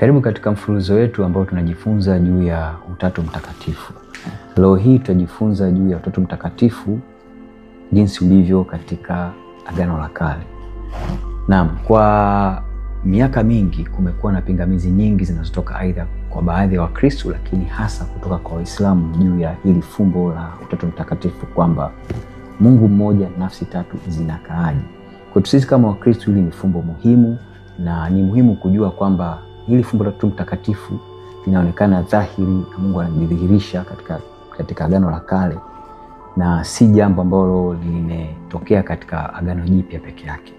Karibu katika mfululizo wetu ambao tunajifunza juu ya Utatu Mtakatifu. Leo hii tutajifunza juu ya Utatu Mtakatifu jinsi ulivyo katika Agano la Kale. Naam, kwa miaka mingi kumekuwa na pingamizi nyingi zinazotoka aidha kwa baadhi ya wa Wakristo, lakini hasa kutoka kwa Waislamu juu ya hili fumbo la Utatu Mtakatifu, kwamba Mungu mmoja, nafsi tatu zinakaaje? Kwetu sisi kama Wakristo, hili ni fumbo muhimu na ni muhimu kujua kwamba hili fumbo la tatu mtakatifu linaonekana dhahiri na Mungu anajidhihirisha katika, katika Agano la Kale na si jambo ambalo limetokea katika Agano Jipya peke yake,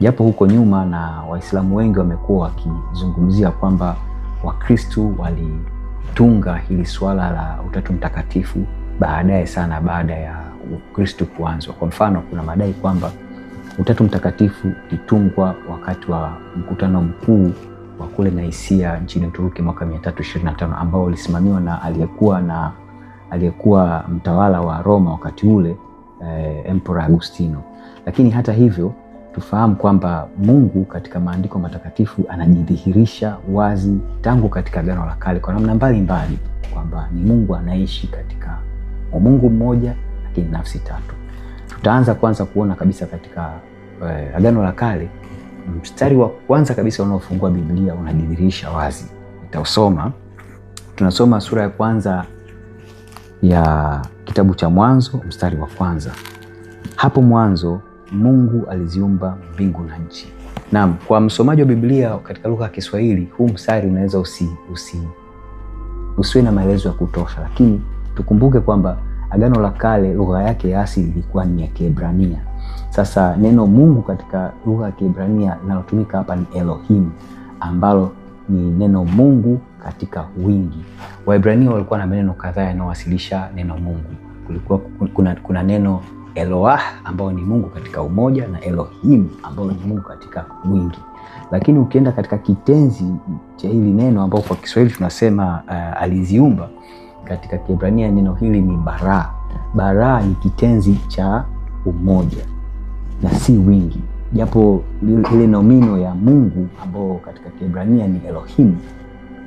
japo huko nyuma na Waislamu wengi wamekuwa wakizungumzia kwamba Wakristu walitunga hili swala la Utatu Mtakatifu baadaye sana baada ya Ukristu kuanzwa. Kwa mfano, kuna madai kwamba Utatu Mtakatifu ulitungwa wakati wa mkutano mkuu wa kule na hisia nchini Uturuki mwaka 325 ambao ulisimamiwa na aliyekuwa na aliyekuwa mtawala wa Roma wakati ule eh, Emperor Agustino. Lakini hata hivyo tufahamu kwamba Mungu katika maandiko matakatifu anajidhihirisha wazi tangu katika Agano la Kale kwa namna mbalimbali, kwamba ni Mungu anaishi katika Mungu mmoja lakini nafsi tatu. Tutaanza kwanza kuona kabisa katika eh, Agano la Kale mstari wa kwanza kabisa unaofungua Biblia unadhihirisha wazi. Nitausoma, tunasoma sura ya kwanza ya kitabu cha Mwanzo mstari wa kwanza. Hapo mwanzo Mungu aliziumba mbingu na nchi. Naam, kwa msomaji wa Biblia katika lugha ya Kiswahili huu mstari unaweza usi, usi, usiwe na maelezo ya kutosha, lakini tukumbuke kwamba Agano la Kale lugha yake ya asili ilikuwa ni ya Kiebrania sasa neno Mungu katika lugha ya kiibrania linalotumika hapa ni Elohim, ambalo ni neno Mungu katika wingi. waibrania walikuwa na maneno kadhaa yanayowasilisha neno Mungu. Kulikuwa kuna, kuna neno Eloah ambao ni Mungu katika umoja na Elohim ambao ni Mungu katika wingi, lakini ukienda katika kitenzi cha hili neno ambao kwa Kiswahili tunasema uh, aliziumba, katika kiibrania neno hili ni bara. Bara ni kitenzi cha umoja na si wingi, japo ile nomino ya Mungu ambao katika Kiebrania ni Elohim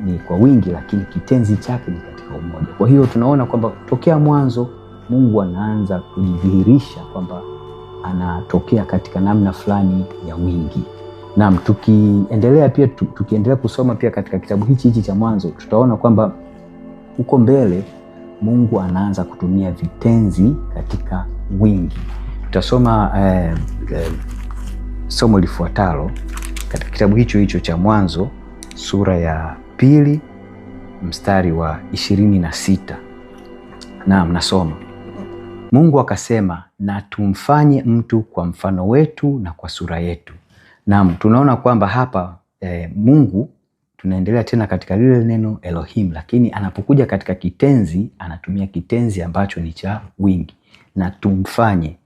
ni kwa wingi, lakini kitenzi chake ni katika umoja. Kwa hiyo tunaona kwamba tokea mwanzo Mungu anaanza kujidhihirisha kwamba anatokea katika namna fulani ya wingi. Naam, tukiendelea pia tukiendelea kusoma pia katika kitabu hichi hichi cha Mwanzo tutaona kwamba huko mbele Mungu anaanza kutumia vitenzi katika wingi. Tutasoma eh, eh, somo lifuatalo katika kitabu hicho hicho cha Mwanzo sura ya pili mstari wa ishirini na sita. Naam, nasoma. Mungu akasema, na tumfanye mtu kwa mfano wetu na kwa sura yetu. Naam, tunaona kwamba hapa eh, Mungu tunaendelea tena katika lile neno Elohim, lakini anapokuja katika kitenzi anatumia kitenzi ambacho ni cha wingi, na tumfanye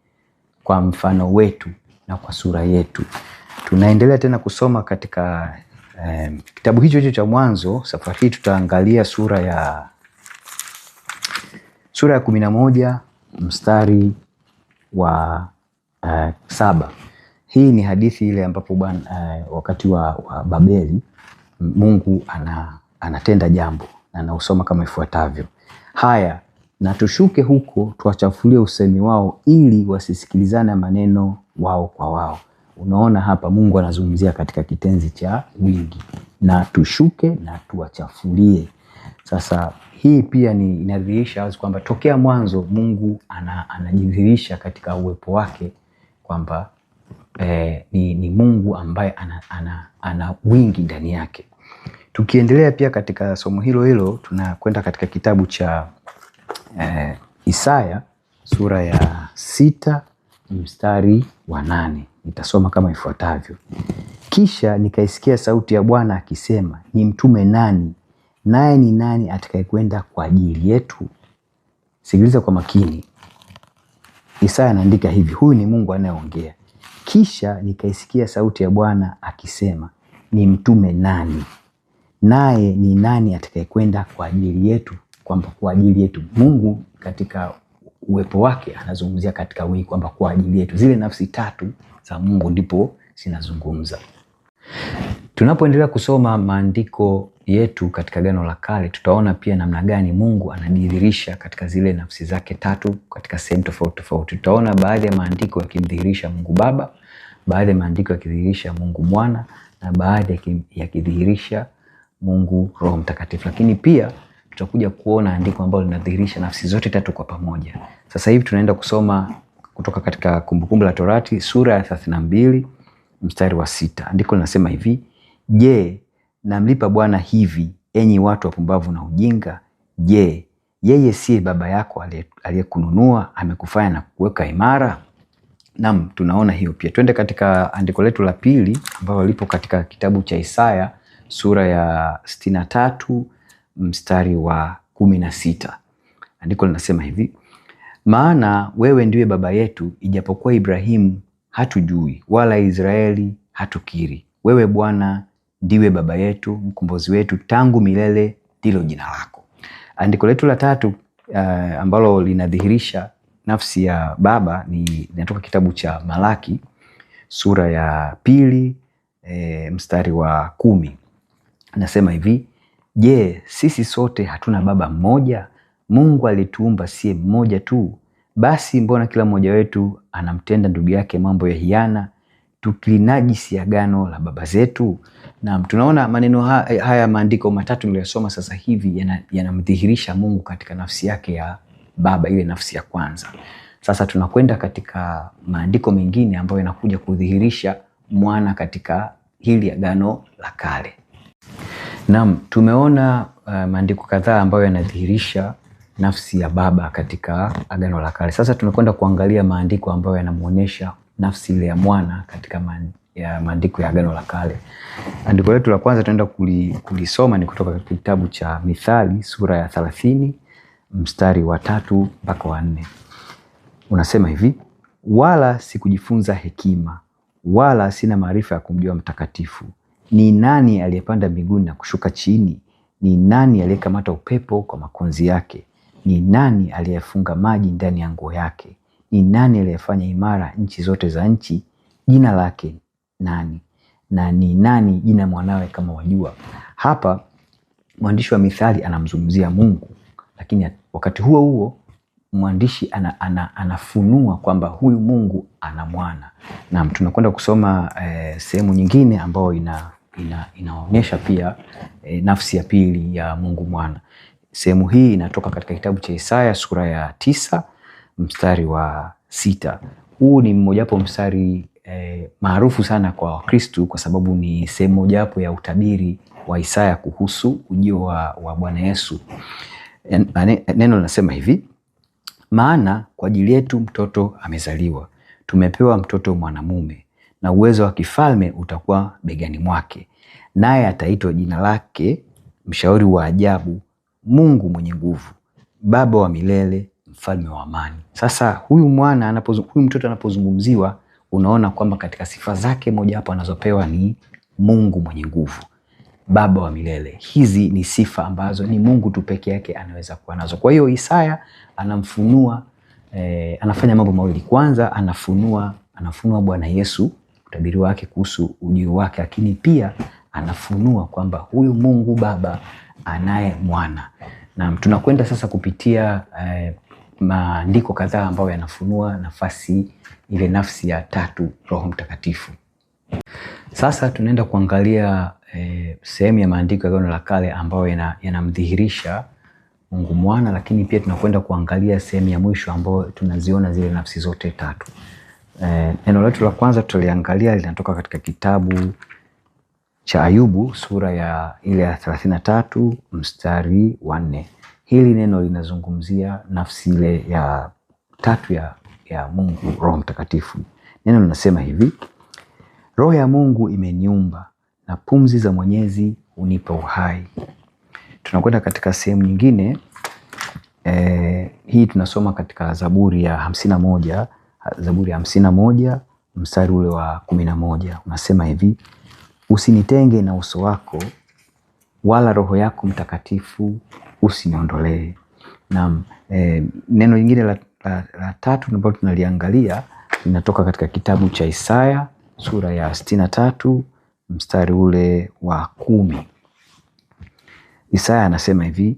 kwa mfano wetu na kwa sura yetu. Tunaendelea tena kusoma katika eh, kitabu hicho hicho cha Mwanzo. Safari hii tutaangalia sura ya sura ya kumi na moja mstari wa eh, saba. Hii ni hadithi ile ambapo Bwana eh, wakati wa, wa Babeli Mungu ana, anatenda jambo na anausoma kama ifuatavyo: haya na tushuke huko tuwachafulie usemi wao ili wasisikilizane maneno wao kwa wao. Unaona hapa Mungu anazungumzia katika kitenzi cha wingi, na tushuke na tuwachafulie. Sasa hii pia ni inadhihirisha wazi kwamba tokea mwanzo Mungu ana, anajidhihirisha katika uwepo wake kwamba eh, ni, ni Mungu ambaye ana, ana, ana wingi ndani yake. Tukiendelea pia katika somo hilo hilo tunakwenda katika kitabu cha eh, Isaya sura ya sita mstari wa nane nitasoma kama ifuatavyo: kisha nikaisikia sauti ya Bwana akisema, ni mtume nani? Naye ni nani atakayekwenda kwa ajili yetu? Sikiliza kwa makini. Isaya anaandika hivi, huyu ni Mungu anayeongea. Kisha nikaisikia sauti ya Bwana akisema, ni mtume nani? Naye ni nani atakayekwenda kwa ajili yetu? kwamba kwa ajili yetu. Mungu katika uwepo wake anazungumzia katika wii kwamba kwa ajili yetu, zile nafsi tatu za Mungu ndipo zinazungumza. Tunapoendelea kusoma maandiko yetu katika Agano la Kale, tutaona pia namna gani Mungu anadhihirisha katika zile nafsi zake tatu katika sehemu tofauti tofauti. Tutaona baadhi ya maandiko yakimdhihirisha Mungu Baba, baadhi ya maandiko yakidhihirisha Mungu Mwana na baadhi yakidhihirisha Mungu Roho Mtakatifu, lakini pia tutakuja kuona andiko ambalo linadhihirisha nafsi zote tatu kwa pamoja. Sasa hivi tunaenda kusoma kutoka katika Kumbukumbu la Torati sura ya thelathini na mbili mstari wa sita. Andiko linasema hivi: Je, namlipa Bwana hivi, enyi watu wapumbavu na ujinga? Je, yeye siye baba yako aliyekununua amekufanya na kuweka imara? Naam, tunaona hiyo pia. Twende katika andiko letu la pili ambalo lipo katika kitabu cha Isaya sura ya sitini na tatu mstari wa kumi na sita. Andiko linasema hivi: maana wewe ndiwe baba yetu, ijapokuwa Ibrahimu hatujui wala Israeli hatukiri. Wewe Bwana ndiwe baba yetu, mkombozi wetu, tangu milele ndilo jina lako. Andiko letu la tatu uh, ambalo linadhihirisha nafsi ya baba ni inatoka kitabu cha Malaki sura ya pili e, mstari wa kumi. Nasema hivi Je, sisi sote hatuna baba mmoja? Mungu alituumba sie mmoja tu? Basi mbona kila mmoja wetu anamtenda ndugu yake mambo ya hiana, tukilinajisi agano la baba zetu? Naam, tunaona maneno haya, eh, haya maandiko matatu niliyosoma sasa hivi yanamdhihirisha yana Mungu katika nafsi yake ya baba, ile nafsi ya kwanza. Sasa tunakwenda katika maandiko mengine ambayo yanakuja kudhihirisha mwana katika hili agano la kale. Naam, tumeona uh, maandiko kadhaa ambayo yanadhihirisha nafsi ya Baba katika Agano la Kale. Sasa tunakwenda kuangalia maandiko ambayo yanamuonyesha nafsi ile ya Mwana katika maandiko ya Agano la Kale. Andiko letu la kwanza tunaenda kulisoma ni kutoka kitabu cha Mithali sura ya thelathini mstari wa tatu mpaka wa nne. Unasema hivi: wala sikujifunza hekima, wala sina maarifa ya kumjua Mtakatifu ni nani aliyepanda mbinguni na kushuka chini? Ni nani aliyekamata upepo kwa makunzi yake? Ni nani aliyefunga maji ndani ya nguo yake? Ni nani aliyefanya imara nchi zote za nchi? Jina lake nani? Na ni nani jina mwanawe kama wajua? Hapa mwandishi wa Mithali anamzungumzia Mungu, lakini wakati huo huo mwandishi ana, ana, anafunua kwamba huyu Mungu ana mwana. Naam, tunakwenda kusoma eh, sehemu nyingine ambayo ina ina, inaonyesha pia e, nafsi ya pili ya Mungu Mwana. Sehemu hii inatoka katika kitabu cha Isaya sura ya tisa mstari wa sita. Huu ni mmojawapo mstari e, maarufu sana kwa Wakristu kwa sababu ni sehemu mojawapo ya utabiri wa Isaya kuhusu ujio wa, wa Bwana Yesu. Neno linasema hivi: maana kwa ajili yetu mtoto amezaliwa, tumepewa mtoto mwanamume na uwezo wa kifalme utakuwa begani mwake, naye ataitwa jina lake Mshauri wa Ajabu, Mungu Mwenye Nguvu, Baba wa Milele, Mfalme wa Amani. Sasa huyu mwana anapozu, huyu mtoto anapozungumziwa unaona kwamba katika sifa zake mojawapo anazopewa ni Mungu mwenye nguvu, baba wa milele. Hizi ni sifa ambazo ni Mungu tu peke yake anaweza kuwa nazo. Kwa hiyo Isaya anamfunua eh, anafanya mambo mawili. Kwanza anafunua anafunua Bwana Yesu utabiri wake kuhusu ujio wake, lakini pia anafunua kwamba huyu Mungu Baba anaye mwana. Na tunakwenda sasa kupitia eh, maandiko kadhaa ambayo yanafunua nafasi ile, nafsi ya tatu, Roho Mtakatifu. Sasa tunaenda kuangalia eh, sehemu ya maandiko ya Agano la Kale ambayo yanamdhihirisha yana Mungu mwana, lakini pia tunakwenda kuangalia sehemu ya mwisho ambayo tunaziona zile nafsi zote tatu. Eh, neno letu la kwanza tutaliangalia linatoka katika kitabu cha Ayubu sura ya ile ya thelathini na tatu mstari wa nne. Hili neno linazungumzia nafsi ile ya tatu ya, ya Mungu, Roho Mtakatifu. Neno linasema hivi: Roho ya Mungu imeniumba na pumzi za Mwenyezi hunipa uhai. Tunakwenda katika sehemu nyingine eh, hii tunasoma katika Zaburi ya hamsini na moja Zaburi ya hamsini na moja mstari ule wa kumi na moja unasema hivi: usinitenge na uso wako, wala Roho yako Mtakatifu usiniondolee. Naam. E, neno lingine la, la, la tatu ambalo tunaliangalia linatoka katika kitabu cha Isaya sura ya sitini na tatu mstari ule wa kumi. Isaya anasema hivi: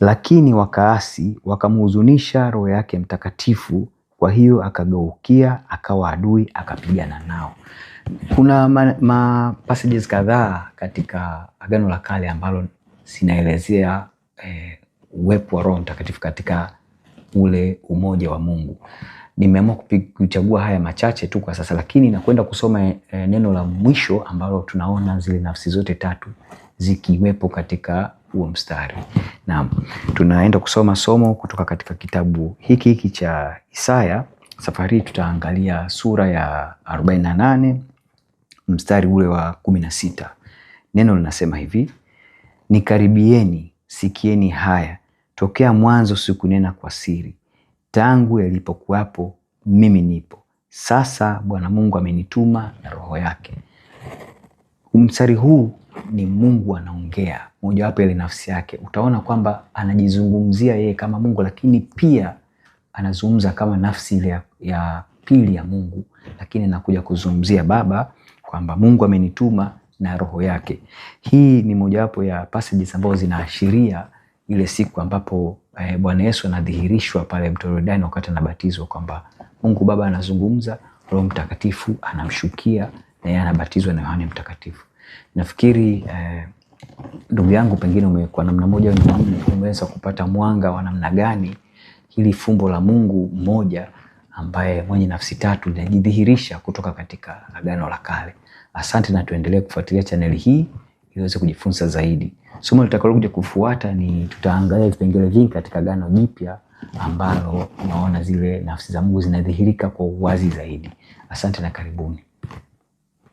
lakini wakaasi wakamhuzunisha Roho yake Mtakatifu, kwa hiyo akageukia, akawa adui, akapigana nao. Kuna ma, ma passages kadhaa katika Agano la Kale ambalo zinaelezea eh, uwepo wa Roho Mtakatifu katika ule umoja wa Mungu. Nimeamua kuchagua haya machache tu kwa sasa, lakini nakwenda kusoma eh, neno la mwisho ambalo tunaona zile nafsi zote tatu zikiwepo katika huo mstari. Naam, tunaenda kusoma somo kutoka katika kitabu hiki hiki cha Isaya. Safari tutaangalia sura ya 48 mstari ule wa 16. Neno linasema hivi: Nikaribieni, sikieni haya, tokea mwanzo sikunena kwa siri, tangu yalipokuwapo mimi nipo sasa Bwana Mungu amenituma na roho yake. Mstari huu ni Mungu anaongea, mojawapo ile nafsi yake. Utaona kwamba anajizungumzia yeye kama Mungu, lakini pia anazungumza kama nafsi ile ya, ya pili ya Mungu, lakini anakuja kuzungumzia Baba kwamba Mungu amenituma na roho yake. Hii ni mojawapo ya passages ambazo zinaashiria ile siku ambapo eh, Bwana Yesu anadhihirishwa pale mto Yordani wakati anabatizwa kwamba Mungu Baba anazungumza, Roho Mtakatifu anamshukia na yeye anabatizwa na Yohane Mtakatifu. Nafikiri eh, ndugu eh, yangu pengine kwa namna moja au nyingine umeweza kupata mwanga wa namna gani hili fumbo la Mungu mmoja ambaye mwenye nafsi tatu linajidhihirisha kutoka katika Agano la Kale. Asante na tuendelee kufuatilia chaneli hii ili uweze kujifunza zaidi. Somo litakalokuja kufuata ni tutaangalia vipengele vingi katika Agano Jipya ambalo unaona zile nafsi za Mungu zinadhihirika kwa uwazi zaidi. Asante na karibuni.